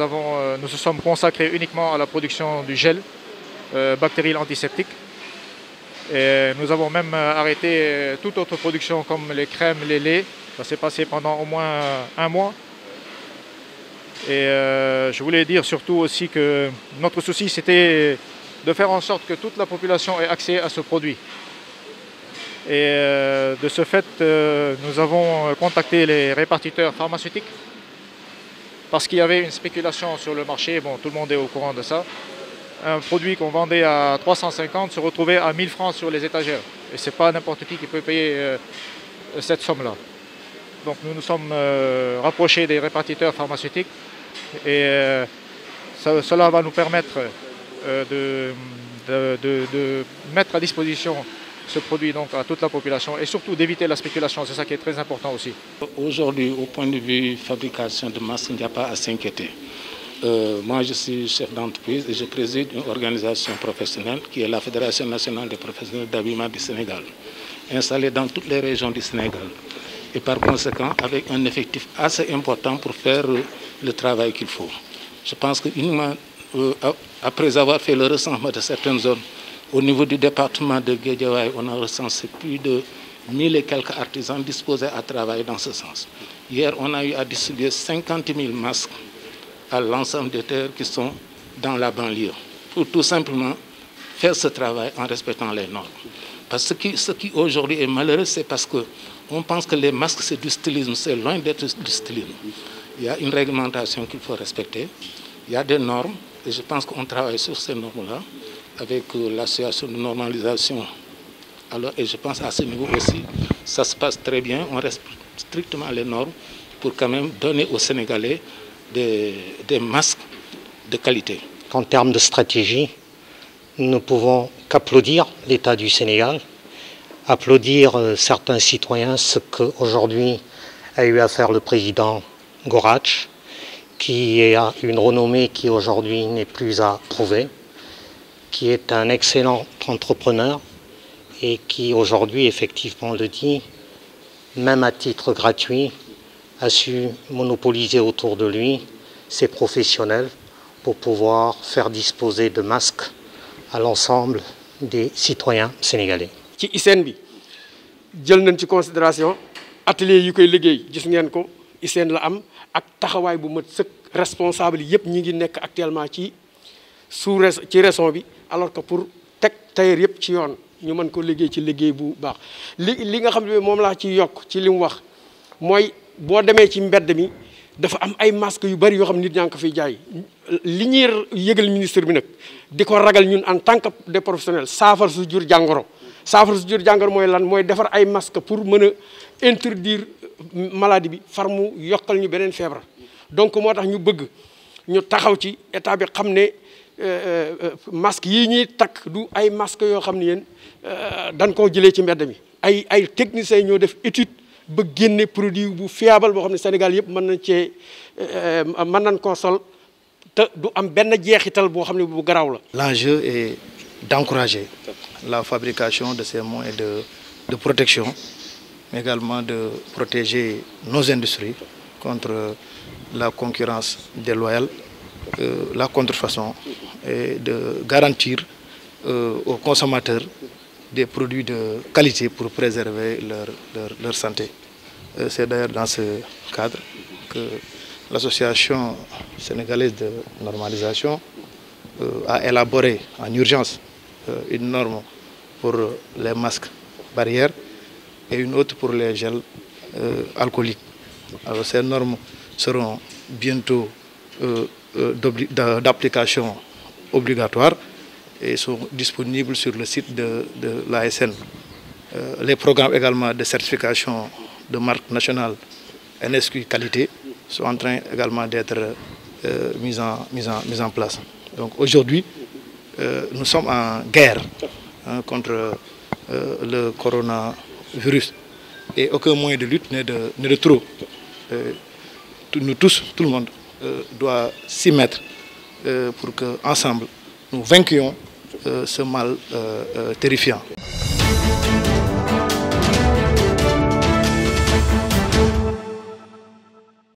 Euh, nous, nous sommes consacrés uniquement à la production du gel euh, bactériel antiseptique. nous avons même euh, arrêté euh, toute autre production comme les crèmes, les laits. Ça s'est passé pendant au moins un mois. Et je voulais dire surtout aussi que notre souci, c'était de faire en sorte que toute la population ait accès à ce produit. Et de ce fait, nous avons contacté les répartiteurs pharmaceutiques parce qu'il y avait une spéculation sur le marché, bon, tout le monde est au courant de ça. Un produit qu'on vendait à 350 se retrouvait à 1000 francs sur les étagères. Et ce n'est pas n'importe qui qui peut payer euh, cette somme-là. Donc nous nous sommes euh, rapprochés des répartiteurs pharmaceutiques et euh, cela va nous permettre de, mettre à disposition ce produit donc à toute la population et surtout d'éviter la spéculation, c'est ça qui est très important aussi. Aujourd'hui, au point de vue fabrication de masse, il n'y a pas à s'inquiéter. Euh, moi, je suis chef d'entreprise et je préside une organisation professionnelle qui est la Fédération nationale des professionnels d'habillement du Sénégal, installée dans toutes les régions du Sénégal. Et par conséquent, avec un effectif assez important pour faire le travail qu'il faut. Je pense que euh, après avoir fait le recensement de certaines zones, au niveau du département de Guédiawaï, on a recensé plus de 1000 et quelques artisans disposés à travailler dans ce sens. Hier, on a eu à distribuer 50 000 masques à l'ensemble des terres qui sont dans la banlieue, pour tout simplement faire ce travail en respectant les normes. Parce que ce qui aujourd'hui est malheureux, c'est parce qu'on pense que les masques, c'est du stylisme, c'est loin d'être du stylisme. Il y a une réglementation qu'il faut respecter, il y a des normes, et je pense qu'on travaille sur ces normes-là avec euh, la de normalisation. Alors, et je pense à ce niveau aussi, ça se passe très bien, on reste strictement les normes pour quand même donner aux Sénégalais des, des masques de qualité. En termes de stratégie, nous ne pouvons qu'applaudir l'État du Sénégal, applaudir euh, certains citoyens, ce qu'aujourd'hui a eu à faire le président Gorach, qui a une renommée qui aujourd'hui n'est plus à prouver qui est un excellent entrepreneur et qui aujourd'hui, effectivement, le dit, même à titre gratuit, a su monopoliser autour de lui ses professionnels pour pouvoir faire disposer de masques à l'ensemble des citoyens sénégalais. ci ISEN bi jël nañ ci considération atelier yu koy liggéey gis ngeen ko ISEN la am ak bu responsable yëpp ñi ngi nekk actuellement ci sous ci bi alors que pour teg tailleur yëpp ci yoon ñu mën koo liggéey ci liggéey bu baax li li nga xam ne moom laa ci yokk ci li mu wax mooy boo demee ci mbedd mi dafa am ay masque yu bari yoo xam nit ñaa ngi fiy jaay li ñuy yëgal ministre bi nag di ko ragal ñun en tant que des professionnels saafara su jur jàngoro saafar su jur jàngoro mooy lan mooy defar ay masque pour mën a interdire maladie bi far mu yokkal ñu beneen feebar donc moo tax ñu bëgg ñu taxaw ci état bi xam ne Euh, euh, euh, masque yi ñi tak du ay masque yo xamni ne yéen dañ ko jëlé ci mbedd ay ay techniciens ñoo def étude ba génné produit bu fiable bo xamni Sénégal yépp mën nañ des mën nañ koo sol te du am benn jeexital bo xamni bu graw la. L'enjeu est d'encourager la fabrication de ces moyens de de protection mais également de protéger nos industries contre la concurrence déloyale, la contrefaçon et de garantir euh, aux consommateurs des produits de qualité pour préserver leur, santé. Euh, c'est d'ailleurs dans ce cadre que l'association sénégalaise de normalisation euh, a élaboré en urgence une norme pour les masques barrières et une autre pour les gels alcooliques. ces normes seront bientôt d'application obligatoires et sont disponibles sur le site de, l'ASN. Euh, les programmes également de certification de marque nationale NSQ qualité sont en train également d'être euh, mis, en, en, place. Donc aujourd'hui, euh, nous sommes en guerre hein, contre le coronavirus et aucun moyen de lutte n'est de, de, trop. nous tous, tout le monde doit s'y mettre. Euh, pour que ensemble nous vainquions euh, ce mal euh, terrifiant.